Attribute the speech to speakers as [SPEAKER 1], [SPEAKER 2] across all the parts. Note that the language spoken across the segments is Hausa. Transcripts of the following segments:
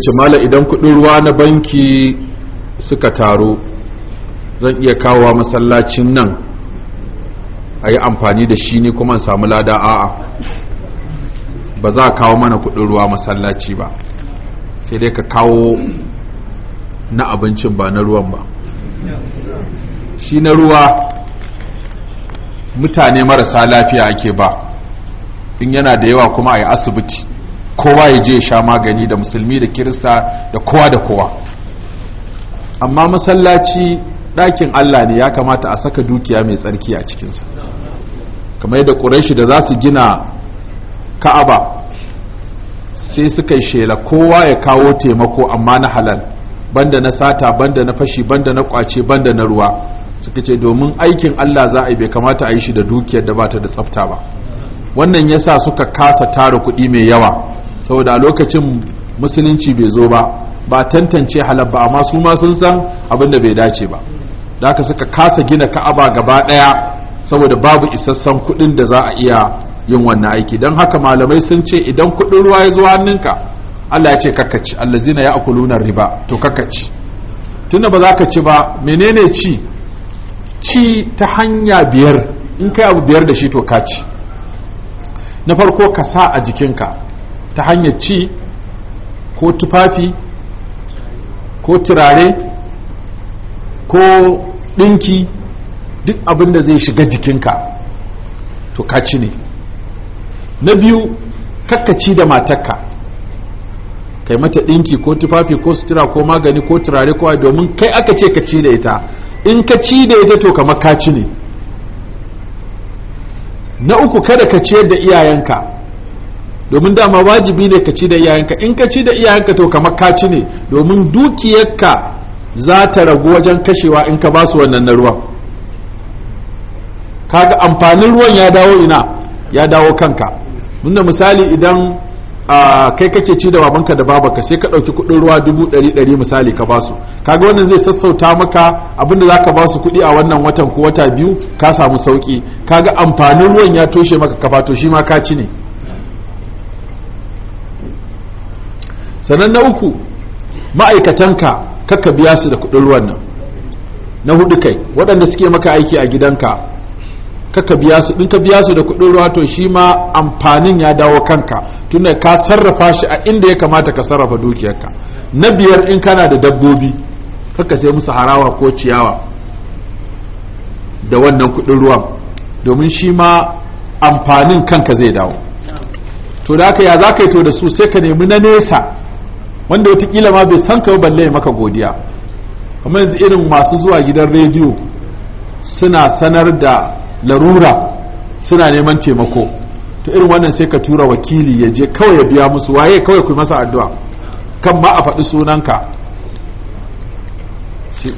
[SPEAKER 1] ce mala idan kudin ruwa na banki suka taru zan iya kawowa masallacin nan a yi amfani da shi ne kuma samu lada a'a ba za a kawo mana kudin ruwa masallaci ba sai dai ka kawo na abincin ba na ruwan ba shi na ruwa mutane marasa lafiya ake ba in yana da yawa kuma a yi asibiti kowa ya je sha magani da musulmi da kirista da kowa da kowa amma masallaci ɗakin allah ne ya kamata a saka dukiya mai tsarki a cikinsa kamar yadda ƙureshi da za su gina ka'aba sai suka yi shela kowa ya kawo taimako amma na halal banda na sata banda na fashi banda na kwace banda na ruwa suka ce domin aikin allah za a yi bai kamata a yi shi da dukiyar da bata da tsafta ba wannan yasa suka kasa tara kuɗi mai yawa saboda lokacin musulunci bai zo ba ba tantance halabba amma su ma sun san abin da bai dace ba da aka suka kasa gina ka'aba gaba daya saboda babu isassan kuɗin da za a iya yin wannan aiki don haka malamai sun ce idan kuɗin ruwa ya zo hannunka Allah ya ce kakaci allazina ya akuluna riba to kakaci tunda ba za ka ci ba menene ci ci ta hanya biyar in kai abu biyar da shi to kaci? na farko ka sa a jikinka ta hanyar ci ko tufafi ko turare ko ɗinki duk abin da zai shiga jikinka to ka ci ne na biyu kakkaci da matakka kai mata ɗinki ko tufafi ko sutura ko magani ko turare ko domin kai aka ce ka ci da ita in ka ci da ita to kamar ka ci ne na uku kada ka ciyar da iyayenka domin dama wajibi ne ka ci da iyayenka in ka ci da iyayenka to kamar ka ci ne domin dukiyarka za ta ragu wajen kashewa in ka ba su wannan na ruwan kaga amfanin ruwan ya dawo ina ya dawo kanka da misali idan kai kake ci da babanka da babanka sai ka ɗauki kuɗin ruwa dubu ɗari ɗari misali ka basu kaga wannan zai sassauta maka abinda za ka ba su kuɗi a wannan watan ko wata biyu ka samu sauƙi kaga amfanin ruwan ya toshe maka kafa to shi ma ka ci ne sannan na uku ma'aikatanka kaka biya su da kudin ruwan nan na hudu kai waɗanda suke maka aiki a gidanka kakka biya su ɗin ka biya su da kudin ruwa to shi ma amfanin ya dawo kanka tun tunda ka sarrafa shi a inda ya kamata ka sarrafa dukiyarka na biyar in kana da dabbobi kakka sai musu harawa ko ciyawa da wannan kudin ruwan domin shi ma amfanin kanka zai dawo to da haka ya za ka yi to da su sai ka nemi na nesa wanda watakila ma bai san ka balle maka godiya kuma yanzu irin masu zuwa gidan rediyo suna sanar da larura suna neman taimako to irin wannan sai ka tura wakili ya je kawai ya biya musu waye kawai ku masa addu'a kan ma a faɗi sunanka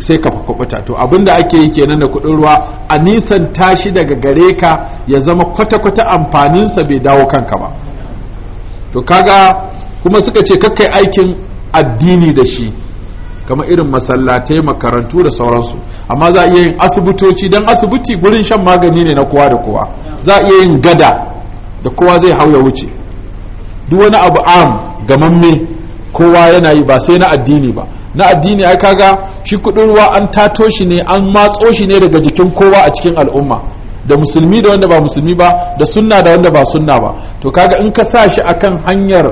[SPEAKER 1] sai ka kwakwata to abinda ake yi kenan da kuɗin ruwa a nisan tashi daga gare ka ya zama kwata-kwata amfaninsa bai dawo kanka ba to kaga kuma suka ce kakkai aikin addini da shi kamar irin masallatai makarantu da sauransu amma za a iya yin asibitoci don asibiti gurin shan magani ne na kowa da kowa za a iya yin gada da kowa zai hau ya wuce duk wani abu am mamme kowa yana yi ba sai na addini ba na addini ai kaga shi kudin ruwa an tato shi ne an matso shi ne daga jikin kowa a cikin al'umma da musulmi da wanda ba musulmi ba da sunna da wanda ba sunna ba to kaga in ka sa shi akan hanyar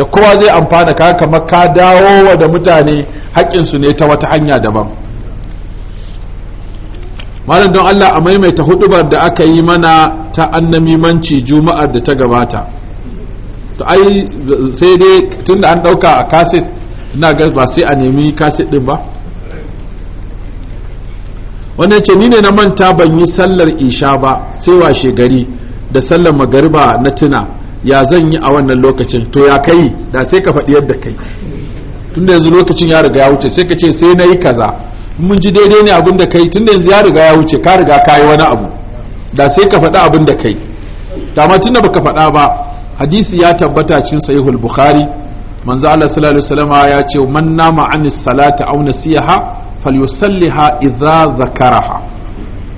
[SPEAKER 1] da kowa zai amfana ka kamar ka dawo wa da mutane haƙƙinsu ne ta wata hanya daban malam don Allah a maimaita hudubar da aka yi mana ta annamimanci juma'ar da ta gabata to ai sai dai tun da an ɗauka a kaset ina ga ba sai a nemi kaset ɗin ba wanda ce ni ne na manta ban yi sallar isha ba sai washe gari da sallar magariba na tuna ya zan yi a wannan lokacin to ya kai da sai ka faɗi yadda kai tunda yanzu lokacin ya riga ya wuce sai ka ce sai na yi kaza mun ji daidai ne abin da kai tunda yanzu ya riga ya wuce ka riga ka yi wani abu da sai ka faɗi abin da kai dama da baka faɗa ba hadisi ya tabbata cikin sahihul bukhari manzo Allah sallallahu alaihi wasallam ya ce man nama anis salati aw nasiha falyusalliha idza zakaraha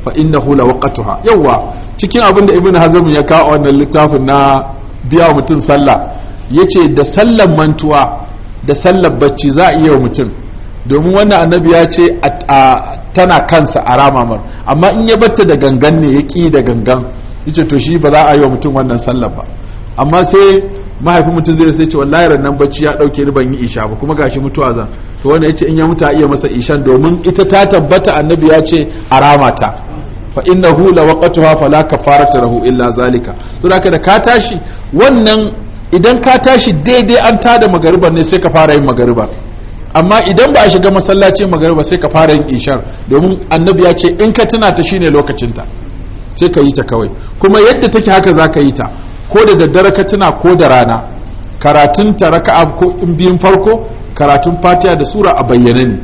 [SPEAKER 1] fa innahu lawaqatuha yawa cikin abin da ibnu hazm ya kawo wannan littafin na biya wa mutum sallah ya ce da sallan mantuwa da sallan bacci za a iya wa mutum domin wannan annabi ya ce tana kansa a ramamar amma in ya bata da gangan ne ya ƙi da gangan Ya ce to shi ba za a yi wa mutum wannan sallar ba amma sai mahaifin mutum zai sai ce wallahi rannan bacci ya ɗauke ni ban yi isha ba kuma gashi mutuwa zan to wannan yace in ya mutu a iya masa ishan domin ita ta tabbata annabi ya ce a ramata fa innahu la fala kafarata lahu illa zalika to da ka tashi wannan idan ka tashi daidai an tada magariba ne sai ka fara yin magariba amma idan ba a shiga masallacin magariba sai ka fara yin ishar domin annabi ya ce in ka tuna ta shine lokacinta sai ka yi ta kawai kuma yadda take haka za ka yi ta ko da daddare ka tuna ko da rana karatun ta ko in biyun farko karatun fatiha da sura a bayyane ne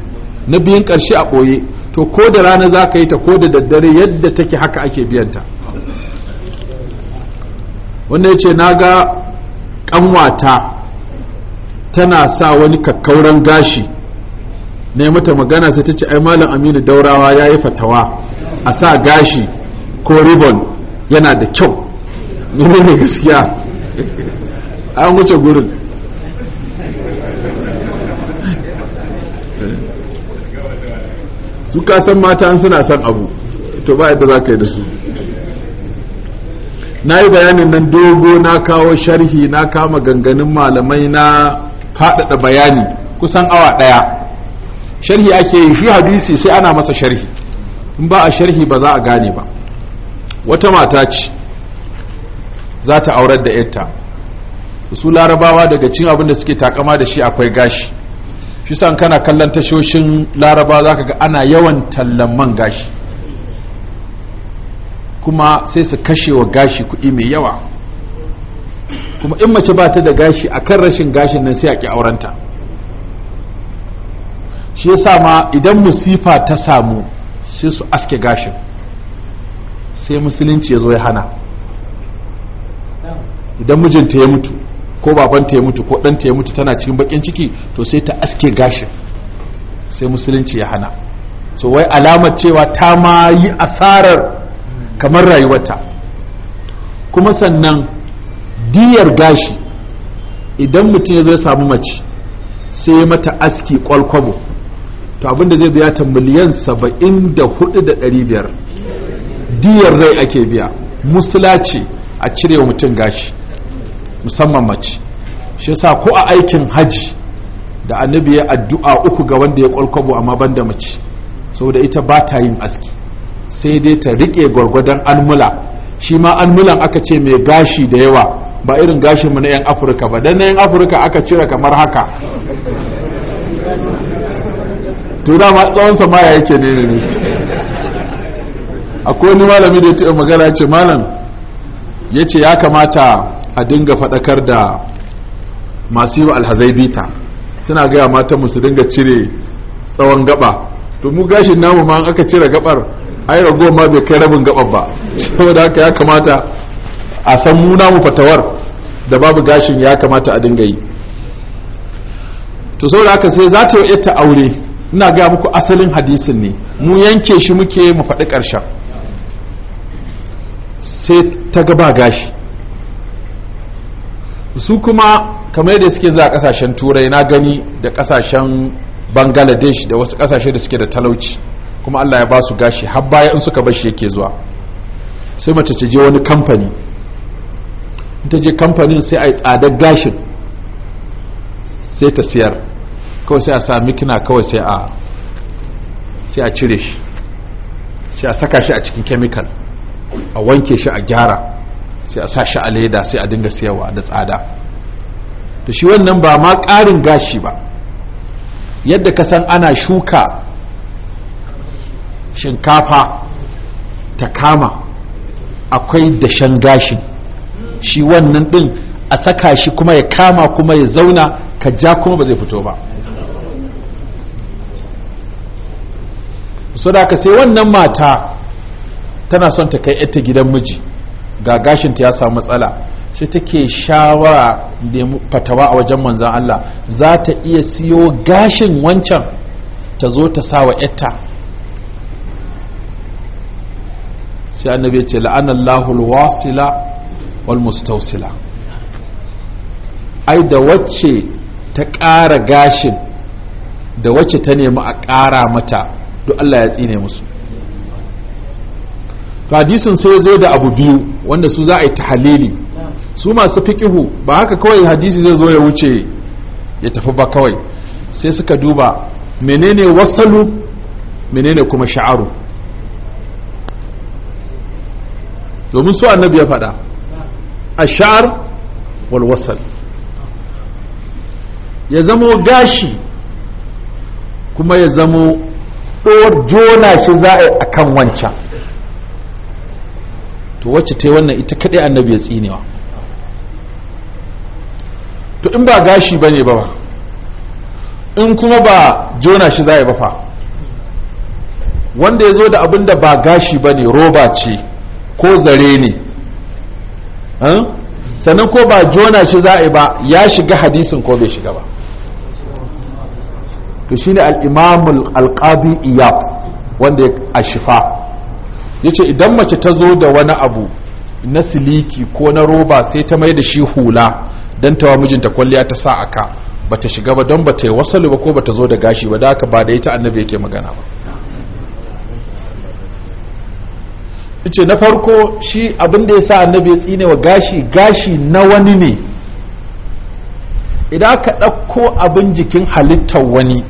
[SPEAKER 1] na biyun karshe a ɓoye to ko da rana za ka yi ta ko da daddare yadda take haka ake biyanta ta wanda ya ce na ga ƙanwata tana sa wani kakkauran gashi ne mata magana sai ta ce ai malam aminu daurawa ya yi fatawa a sa gashi ko ribon yana da kyau nuna ne gaskiya an wuce gurin su ka san mata an suna son abu to ba yadda za ka yi da su na yi bayanin nan dogo na kawo sharhi na kama ganganin malamai na faɗaɗa bayani kusan awa ɗaya sharhi ake yi shi hadisi sai ana masa sharhi in ba a sharhi ba za a gane ba wata mata ce za ta aurar da yarta su larabawa daga cin abin da suke takama da shi akwai gashi shi san kana kallon tashoshin laraba za ka ga ana yawan tallan man gashi kuma sai su kashe wa gashi kuɗi mai yawa kuma in mace ba ta da gashi a kan rashin gashin nan sai a ƙi aurenta shi ya sa ma idan musifa ta samu sai su aske gashin sai musulunci ya zo ya hana idan mijinta ya mutu ko babanta ya mutu ko ɗanta ya mutu tana cikin bakin ciki to sai ta aske gashin sai musulunci ya hana so wai alamar cewa ta ma yi asarar kamar rayuwarta kuma sannan diyar gashi idan mutum ya zai samu mace sai ya mata aski kwalkwabo to abinda zai biya ta miliyan saba'in da hudu biyar diyar rai ake biya musula ce a cire wa mutum gashi musamman mace shi sa ko a aikin hajji da annabi ya addu'a uku ga wanda ya kwalkwabo amma banda mace saboda ita ba ta yin aski sai dai ta rike gwargwadon almula shi ma almulan aka ce mai gashi da yawa ba irin gashin mu na yan afirka ba dan na yan afirka aka cire kamar haka to ma tsawon sa yake ne ne akwai wani malami da ya taɓa magana ya ce malam ya ce ya kamata a dinga faɗakar da masu yi wa alhazai bita suna gaya mata su dinga cire tsawon gaba to mu gashin namu ma aka cire gabar ai ragowar ma bai kai rabin gaban ba saboda haka ya kamata a san muna mu fatawar da babu gashin ya kamata a dinga yi to saboda haka sai za ta yi ta aure ina ga muku asalin hadisin ne mu yanke shi muke mu faɗi ƙarshen sai ta ga ba gashi su kuma kamar yadda suke za a kasashen turai na gani da kasashen bangladesh da wasu kasashe da suke da talauci kuma Allah ya ba su gashi har baya in suka bashi yake zuwa sai mace ta je wani kamfani in ta je kamfanin sai a yi tsadar gashin sai ta siyar kawai sai a sami kina kawai sai a sai a cire shi sai a saka shi a cikin chemical a wanke shi a gyara sai a sa shi a leda sai a dinga siyarwa da tsada da shi wannan ba ma ƙarin gashi ba yadda ka san ana shuka shinkafa ta kama akwai dashen gashin shi wannan din a saka shi kuma ya kama kuma ya zauna ka ja kuma ba zai fito ba so da ka sai wannan mata tana son ta kai ita gidan miji ga gashinta ya samu matsala sai take shawara da fatawa a wajen manzan Allah za ta iya siyo gashin wancan ta zo ta sa wa sai annabi ya ce la'anallahu alwasila wal mustawsila ai da wacce ta ƙara gashin da wacce ta nemi a ƙara mata duk Allah ya tsine musu hadisin sai zai da abu biyu wanda su za a yi tahalili su masu fikihu ba haka kawai hadisi zai zo ya wuce ya tafi ba kawai sai suka duba menene wasalu menene kuma sha'aru domin su annabi ya fada ashar wal wasal ya zamo gashi kuma ya zamo ɗor jona shi za a wancan to wacce ta wannan ita kaɗai annabi ya tsinewa to in ba gashi ba ba in kuma ba jona shi za ba fa wanda ya zo da abin da ba gashi bane roba ce ko zare ne sannan ko ba jona shi za a ba ya shiga hadisin ko bai shiga ba to shi ne al'imamul alƙadi iyaf iyab wanda ya ya yace idan mace ta zo da wani abu na siliki ko na roba sai ta mai da shi hula don tawa mijinta kwalliya ta sa aka ba ta shiga ba don ba ta yi wasalu ba ko ba ta zo da gashi ba da aka ba da ita annabi yake magana ba ce na farko shi abin da ya sa annabi ya tsine wa gashi gashi na wani ne idan aka ɗauko abin jikin halittar wani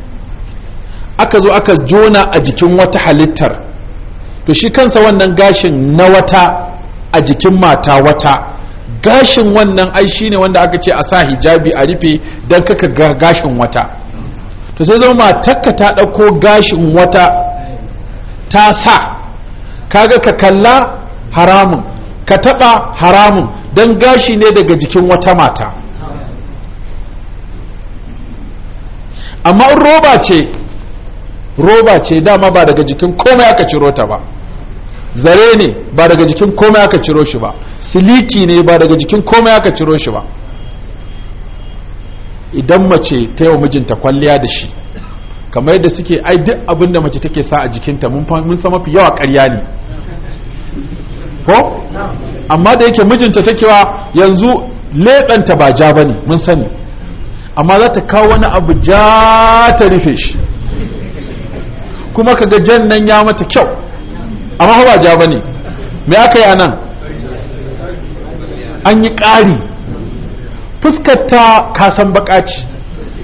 [SPEAKER 1] aka zo aka jona a jikin wata halittar to shi kansa wannan gashin na wata a jikin mata wata gashin wannan ai shi ne wanda aka ce a sa hijabi a rufe don kaka gashin wata to sai zama matakka ta ɗauko gashin wata ta sa kaga ka kalla haramun ka taɓa haramun don gashi ne daga jikin wata mata amma in roba ce roba ce dama ba daga jikin komai aka ciro ta ba zare ne ba daga jikin komai aka ciro shi ba siliki ne ba daga jikin komai aka ciro shi ba idan mace ta yi mijinta kwalliya da shi kamar yadda suke ai duk abin da mace take sa a jikinta mun san mafi yawa ƙarya ne ko amma da yake mijinta ta kewa yanzu leɓenta ba ja bane mun sani amma za ta kawo wani abu ja ta rufe shi kuma ka ga jan nan ya mata kyau amma ba ja bane me aka yi anan an yi ƙari fuskarta kasan baƙaci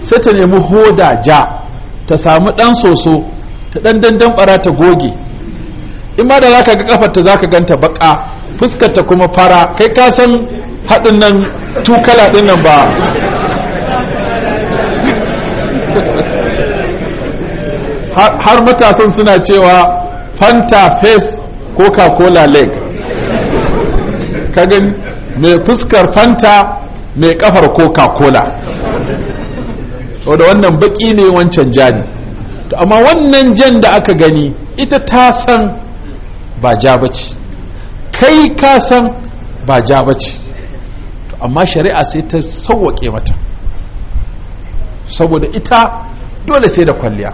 [SPEAKER 1] sai ta nemi hoda ja ta samu ɗan soso ta ɗan dandan ɓara ta goge in ma da ka ga kafarta ka ganta baka fuskarta kuma fara kai ka san haɗin nan tukala ɗin nan ba har matasan suna cewa fanta face coca-cola leg kagin mai fuskar fanta mai kafar coca-cola da wannan baki ne wancan jani amma wannan jan da aka gani ita ta san ba ja ba bace kai ka san ba ja ba To amma shari'a sai ta sauwaƙe mata saboda ita dole sai da kwalliya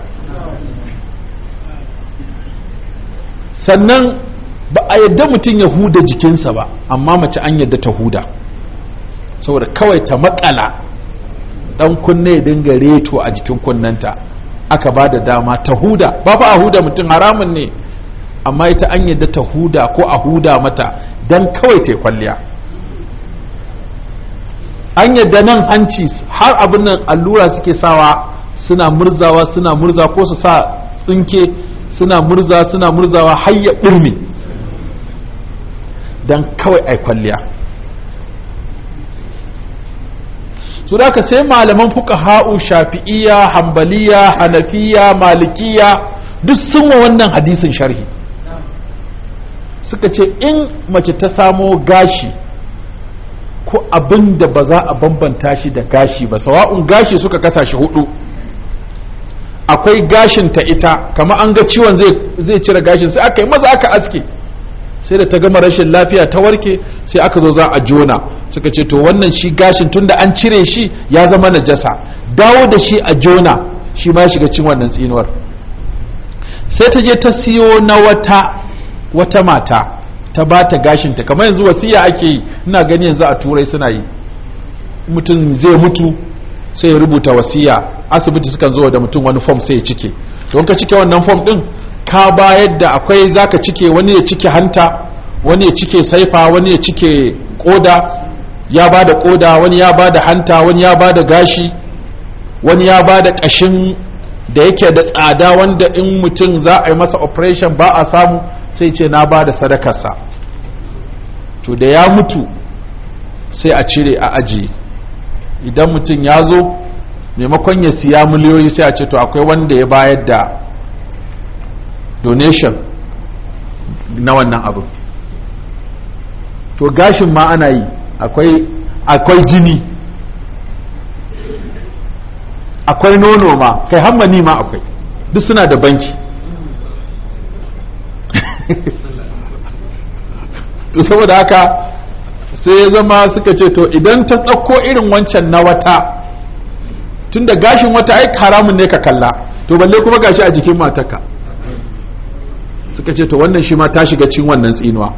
[SPEAKER 1] sannan ba a yadda mutum ya huda jikinsa ba amma mace an yadda ta huda saboda kawai ta makala dan kunne ya dinga reto a jikin kunnanta aka ba da dama ta huda ba ba a huda mutum haramun ne amma ita an yadda ta huda ko a huda mata don kawai ta kwalliya an yadda nan hanci har abin nan allura suke sawa suna murzawa suna murza ko su sa tsinke suna murza suna murzawa har ya don kawai a kwalliya su da sai malaman fuka ha'u shafi'iya hambaliya hanafiya malikiya duk sun wa wannan hadisin sharhi suka ce in mace ta samo gashi ko abin da ba za a bambanta shi da gashi ba sawa'un gashi suka kasa shi hudu akwai gashin ta ita kama an ga ciwon zai cire gashin sai aka yi maza aka aske sai da ta gama rashin lafiya ta warke sai aka zo za a jona suka ce to wannan shi gashin tun da an cire shi ya zama najasa dawo da shi a jona shi ma shiga cin wannan tsinuwar sai ta je ta siyo na wata wata mata ta ba ta gashinta kamar yanzu wasiya ake yi ina gani yanzu a turai suna yi mutum zai mutu sai ya rubuta wasiya asibiti suka zo da mutum wani fom sai ya cike don ka cike wannan fom din ka bayar da akwai zaka cike wani ya cike hanta wani ya cike saifa wani ya cike koda ya ba da koda wani ya ba da hanta wani ya ba da gashi wani ya ba da kashin da yake da tsada wanda in mutum za a yi masa operation ba a samu sai ce na ba da sadakarsa to da ya mutu sai a cire a aji idan mutum ya zo maimakon ya siya miliyoyi sai a ce to akwai wanda ya bayar da donation na wannan abu to gashin ma ana yi akwai jini akwai nono ma kai hammani ma akwai duk suna da banki to saboda haka sai ya zama suka ce to idan ta ɗauko irin wancan na wata tun da gashin wata ai haramun ne ka kalla to balle kuma gashi a jikin matarka suka ce to wannan shi ma ta shiga cin wannan tsinuwa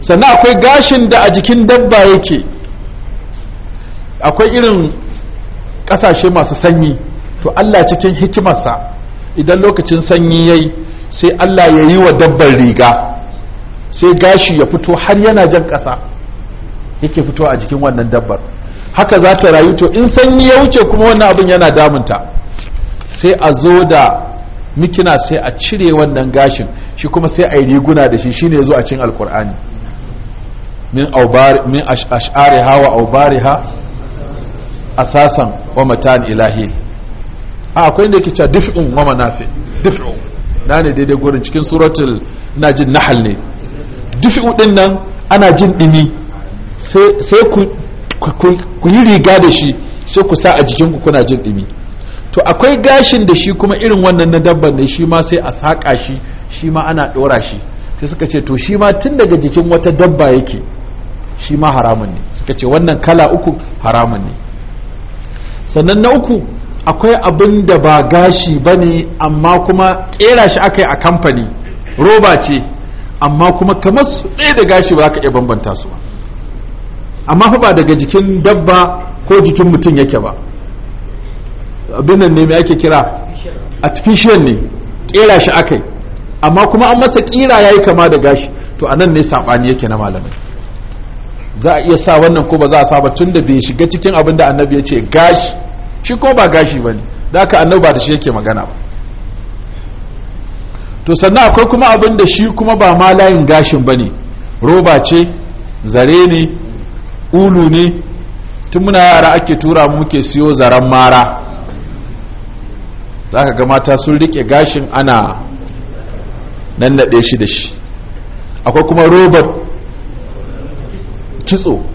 [SPEAKER 1] sannan akwai gashin da a jikin dabba yake akwai irin ƙasashe masu sanyi to allah cikin hikimarsa idan lokacin sanyi yayi sai Allah ya yi wa dabbar riga sai gashi ya fito har yana jan ƙasa yake fito a jikin wannan dabbar haka za ta rayu to in sanyi ya wuce kuma wannan abin yana damunta sai a zo da mikina sai a cire wannan gashin shi kuma sai a yi riguna da shi shine zo a cin alkur'ani min min ash'ariha wa a sasan wa matan ilahi a akwai inda ke cewa dif'un wa manafi dif'un na ne daidai gurin cikin suratul na jin nahal ne Dufi din nan ana jin dimi sai ku yi riga da shi sai ku sa a jikinku kuna jin dimi to akwai gashin da shi kuma irin wannan na dabban ne shi ma sai a saƙa shi shi ma ana ɗora shi sai suka ce to shi ma tun daga jikin wata dabba yake shi ma haramun ne suka ce wannan kala uku haramun ne sannan na uku akwai abin da ba gashi ba ne amma kuma ƙera shi aka yi a kamfani roba ce amma kuma kamar su ɗaya da gashi ba za ka iya bambanta su ba amma fa ba daga jikin dabba ko jikin mutum yake ba abin nan ne mai ake kira artificial ne ƙera shi aka yi amma kuma an masa ƙira ya yi kama da gashi to a nan ne saɓani yake na malamai za a iya sa wannan ko ba za a saba tun da bai shiga cikin abin da annabi ya ce gashi shi ko ba gashi ba ne da aka annabi ba da shi yake magana ba to sannan akwai kuma abin da shi kuma ba ma layin gashin ba ne roba ce zare ne ulu ne tun muna yara ake tura mu muke siyo zaren mara za ka ga mata sun rike gashin ana nannaɗe shi da shi akwai kuma robar kitso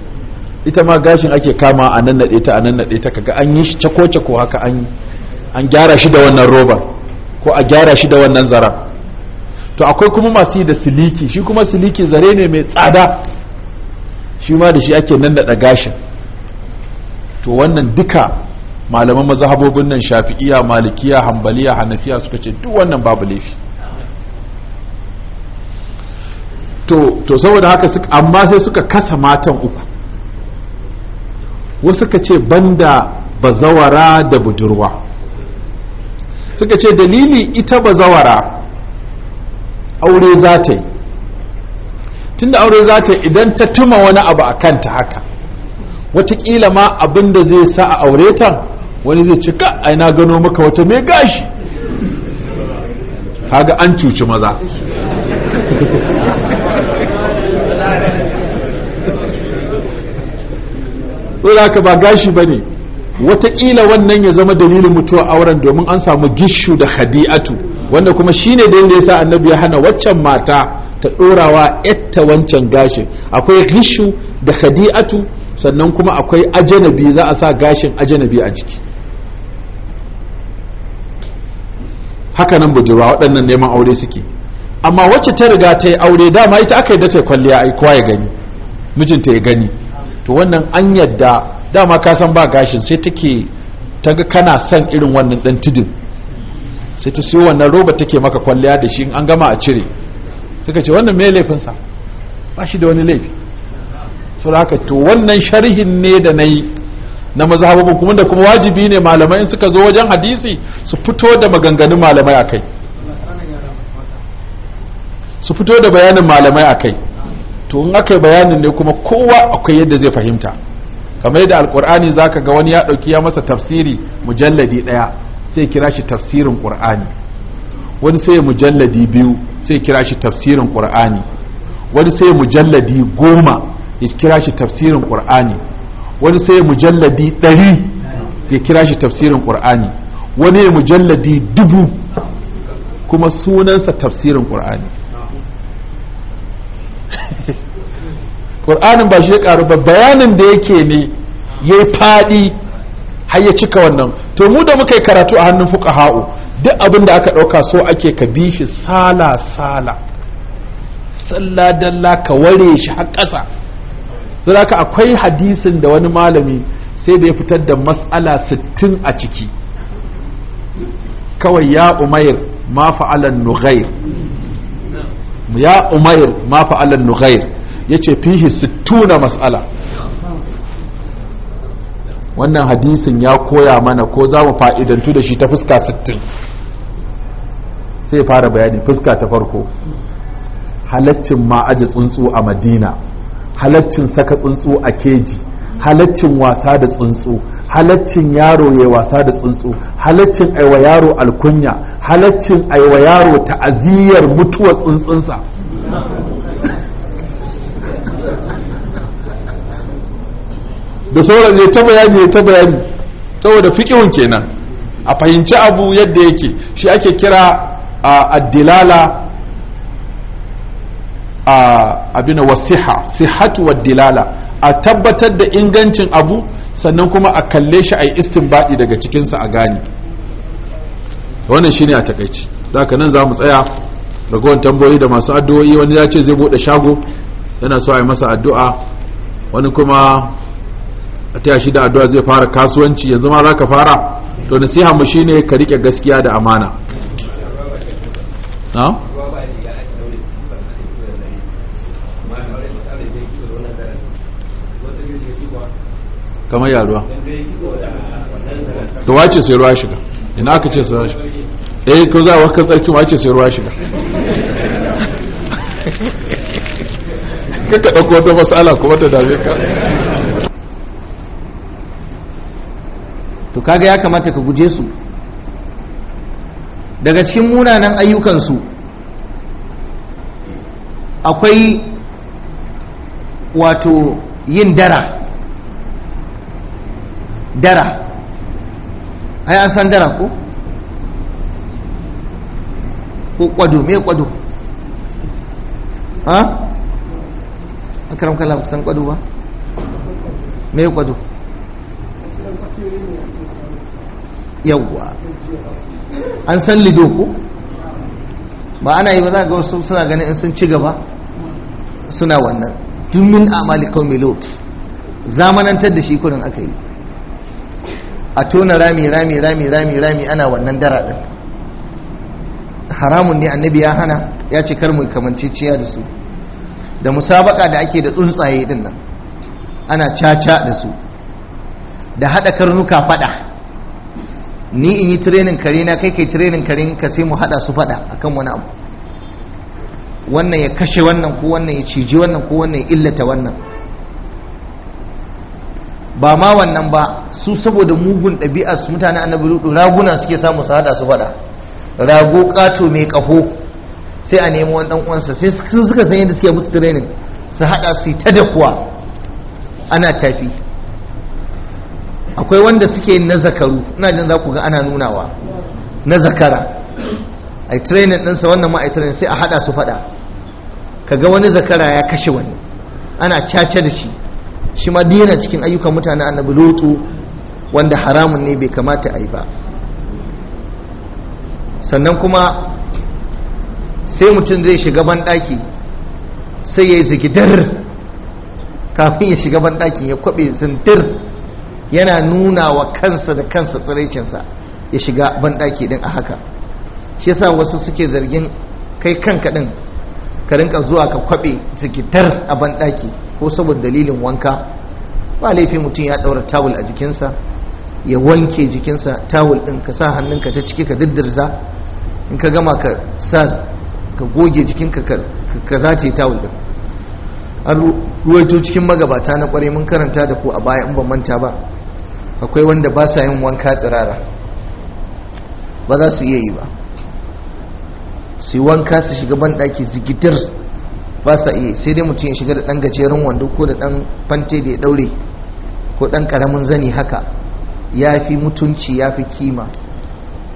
[SPEAKER 1] ita ma gashin ake kama a nan naɗe ta a nan naɗe ta kaga an yi shi cako-cako haka an gyara shi da wannan roba ko a gyara shi da wannan zara to akwai kuma masu yi da siliki shi kuma siliki zare ne mai tsada shi ma da shi ake nan naɗa gashin to wannan duka malaman mazhabobin nan shafi'iya malikiya hambaliya hanafiya suka ce duk wannan babu laifi to saboda haka amma sai suka kasa matan uku wasu ka ce banda bazawara da budurwa suka ce dalili ita bazawara aure za ta yi tunda aure za ta yi idan ta tuma wani abu a kanta haka watakila ma abin da zai sa a aure ta wani zai cika ka na gano maka wata mai gashi kaga an cuci maza saboda haka ba gashi ba ne watakila wannan ya zama dalilin mutuwa auren domin an samu gishu da hadi'atu wanda kuma shine da ya sa annabi ya hana waccan mata ta ɗorawa yatta wancan gashin akwai gishu da hadi'atu sannan kuma akwai ajanabi za a sa gashin ajanabi a jiki haka nan budurwa waɗannan neman aure suke amma wacce ta riga ta yi aure dama ita aka yi da ta kwalliya ai kowa ya gani mijinta ya gani to wannan an yadda dama ka san ba gashin sai take ta ga kana san irin wannan dan tudin sai ta siyo wannan roba take maka kwalliya da shi an gama a cire suka ce wannan me laifinsa ba shi da wani laifi so da haka to wannan sharhin ne da nayi na mazhabin kuma da kuma wajibi ne malamai in suka zo wajen hadisi su fito da maganganun malamai akai su fito da bayanin malamai akai to in aka yi bayanin ne kuma kowa akwai yadda zai fahimta kamar yadda alkur'ani zaka ga wani ya ɗauki ya masa tafsiri mujalladi ɗaya sai kira shi tafsirin ƙur'ani wani sai mujalladi biyu sai kira shi tafsirin ƙur'ani wani sai mujalladi goma ya kira shi tafsirin ƙur'ani wani sai mujalladi ɗari ya kira shi tafsirin ƙur'ani wani mujalladi dubu kuma sunansa tafsirin ƙur'ani ƙur'anin ba shi ya ƙaru ba bayanin da yake ne ya yi faɗi har ya cika wannan to mu da muka yi karatu a hannun fuka ha'u duk abin da aka ɗauka so ake ka bi shi sala sala salla dalla ka ware shi har ƙasa ka akwai hadisin da wani malami sai da ya fitar da matsala sittin a ciki kawai ya umair ma fa'alan nughair ya umair ma fa'alan nughair yace fihi 60 mas'ala wannan hadisin ya koya mana ko za mu fa'idantu da shi ta fuska 60 sai fara bayani fuska ta farko halaccin ma aji tsuntsu a madina halaccin saka tsuntsu a keji halaccin wasa da tsuntsu halaccin yaro ya wasa da tsuntsu halaccin aiwa yaro alkunya halaccin aiwa yaro ta'aziyar mutuwar tsuntsunsa da sauran ne ta bayani ta bayani saboda fikihun kenan a fahimci abu yadda yake shi ake kira a addilala a abin wasiha sihatu wa dilala a tabbatar da ingancin abu sannan kuma a kalle shi a yi istin baɗi daga cikinsa a gane wannan shine a takaici ka nan za mu tsaya ragowar tambayoyi da masu addu'o'i wani ya ce zai bude shago yana so a yi masa addu'a wani kuma a taya shi da addu'a zai fara kasuwanci yanzu ma za ka fara to nasiha mu shine ka rike gaskiya da amana kamar ya da wace sai ruwa shiga ina aka ce sai ruwa shiga eh ko za wa kan tsarki wace sai ruwa shiga kaka dauko wata masala kuma ta dame ka
[SPEAKER 2] to kaga ya kamata ka guje su daga cikin munanan ayyukansu akwai wato yin dara dara ai an san dara ko ko kwado me kwado ha akaram kala san kwado ba me kwado yawwa an san lido ko ba ana yi ba za ga wasu suna ganin in sun ci gaba suna wannan dumin amali qaumi lokaci. zamanantar da shi kudin aka yi a tona rami rami rami rami rami ana wannan dara din haramun ne annabi ya hana ya ce kar mu kamanciciya da su da musabaka da ake da tsuntsaye din nan ana caca da su da hada karnuka fada ni in yi tirenin kare na kai kai tirenin kare ka sai mu hada su fada akan wani abu wannan ya kashe wannan ko wannan ya ciji wannan ko wannan ya illata wannan ba ma wannan ba su saboda mugun ɗabi'a su mutane annabi lutu raguna suke samu su hada su faɗa rago ƙato mai ƙaho sai a nemi wani uwansa sai su suka san yadda suke musu training su hada su ta dakuwa ana tafi akwai wanda suke na zakaru ina jin za ku ga ana nunawa na zakara a training ɗinsa wannan ma a training sai a hada su faɗa kaga wani zakara ya kashe wani ana caca da shi shi ma yana cikin ayyukan mutane annabi lutu wanda haramun ne bai kamata a yi ba sannan kuma sai mutum zai shiga banɗaki sai ya yi zigidar kafin ya shiga banɗakin ya kwaɓe zintir yana nuna wa kansa da kansa tsiraicinsa ya shiga banɗaki ɗin a haka shi yasa wasu suke zargin kai kanka din ka rinka zuwa ka kwaɓe zigidar a banɗaki ko saboda dalilin wanka ba laifin mutum ya ɗaura tawul a jikinsa ya wanke jikinsa tawul din ka sa hannunka ta ciki ka diddirza in ka gama ka sa ka goge jikinka ka zace tawul din an ruwaito cikin magabata na kware mun karanta da ku a baya in ban manta ba akwai wanda ba sa yin wanka tsirara ba za su iya yi ba su wanka su shiga ban ɗaki zigitar ba sa iya sai dai mutum ya shiga da dan gajeren wando ko da ɗan fante da ya daure ko dan karamin zani haka ya fi mutunci ya fi kima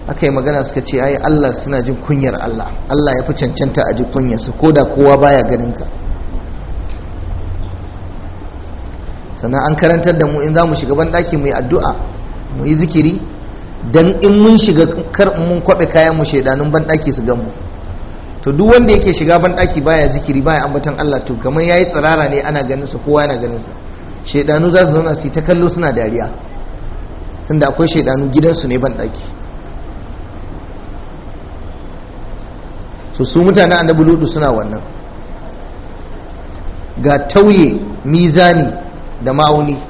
[SPEAKER 2] aka yi magana suka ce ai Allah suna jin kunyar Allah Allah ya fi cancanta a ji su ko da kowa baya ganin ka sannan an karantar da mu in za mu shiga ban ɗaki mu yi addu'a mu yi zikiri don in mun shiga kar mun kwaɓe kayan mu shaidanun ban ɗaki su gan mu to duk wanda yake shiga banɗaki baya zikiri baya ambaton Allah to kamar yayi tsirara ne ana ganin sa kowa yana ganin sa shedanu za su zauna su ta kallo suna dariya tunda akwai shedanu gidansu ne ban daki to su mutanen annabi ludu suna wannan ga tauye mizani da ma'auni